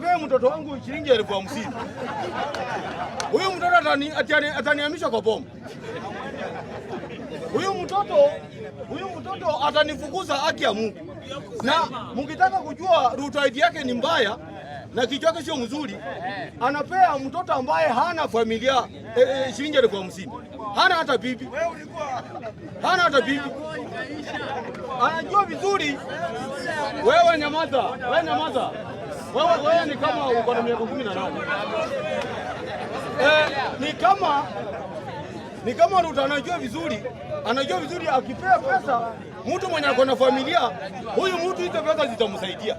Pee mtoto wangu shilingi elfu hamsini. Huyu mtoto ataniamisha atani kwa bomu. Huyu mtoto huyu mtoto atanifukuza haki ya Mungu. Na mkitaka kujua Ruto ID yake ni mbaya na kichwa chake sio mzuri, anapea mtoto ambaye hana familia e, e, shilingi elfu hamsini. Hana hata bibi, hana hata bibi, anajua vizuri. Wewe nyamaza, wewe nyamaza wewe ni kama uko na miaka kumi na nane eh, ni kama ni kama mtu anajua vizuri, anajua vizuri, akipea pesa mtu mwenye ako na familia, huyu mtu hizo pesa zitamsaidia.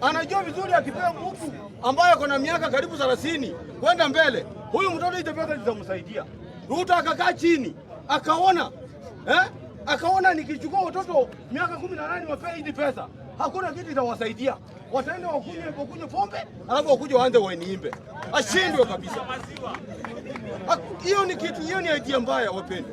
Anajua vizuri, akipea mtu ambaye ako na miaka karibu 30 kwenda mbele, huyu mtoto hizo pesa zitamsaidia. Ruto akakaa chini akaona eh? akaona nikichukua watoto miaka kumi na nane wapea hizi pesa hakuna kitu itawasaidia. Wataenda wakunywe wakunywe pombe, alafu wakuja waanze waniimbe, ashindwe kabisa. Hiyo ni kitu, hiyo ni idea mbaya wapeni,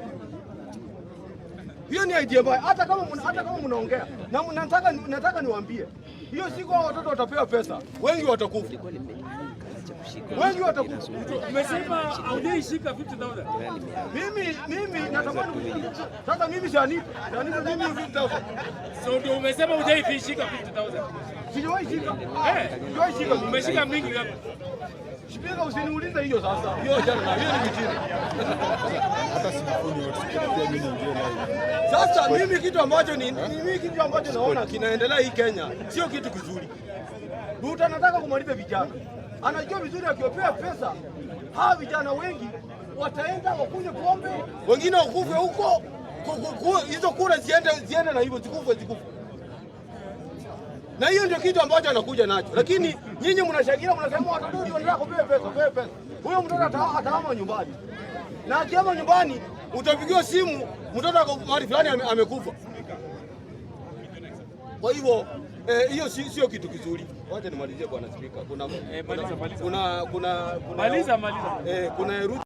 hiyo ni idea mbaya. Hata kama hata kama mnaongea na mnataka, nataka niwaambie hiyo siku watoto watapewa pesa, wengi watakufa cha Wengi watakufa. Umesema haujaishika 50000. Mimi mimi natamani Sasa mimi sianipa. Sianipa mimi 50000. So ndio umesema hujaishika 50000. Sijawahi shika. Eh, sijawahi shika. Umeshika mingi ngapi? Shipika usiniulize hiyo sasa. Hiyo jana hiyo ni mjini. Hata sikufuni watu mimi ndio sasa mimi kitu ambacho ni mimi kitu ambacho naona kinaendelea hii Kenya sio kitu kizuri. Ndio tunataka kumaliza vijana anajua vizuri, akiopea pesa hawa vijana wengi wataenda wakunywe pombe, wengine wakufe huko, hizo kura ziende ziende, na hivyo zikufe zikufe. Na hiyo ndio kitu ambacho anakuja nacho, lakini nyinyi mnashangilia, mnasema watoto wanataka kupewa pesa, pewa pesa. Huyo mtoto atahama nyumbani, na akihama nyumbani utapigiwa simu, mtoto mahali fulani amekufa. Kwa hivyo Eh, hiyo eh, sio kitu kizuri. Wacha nimalizie bwana Spika, kuna, eh, kuna, kuna, kuna, kuna, eh, kuna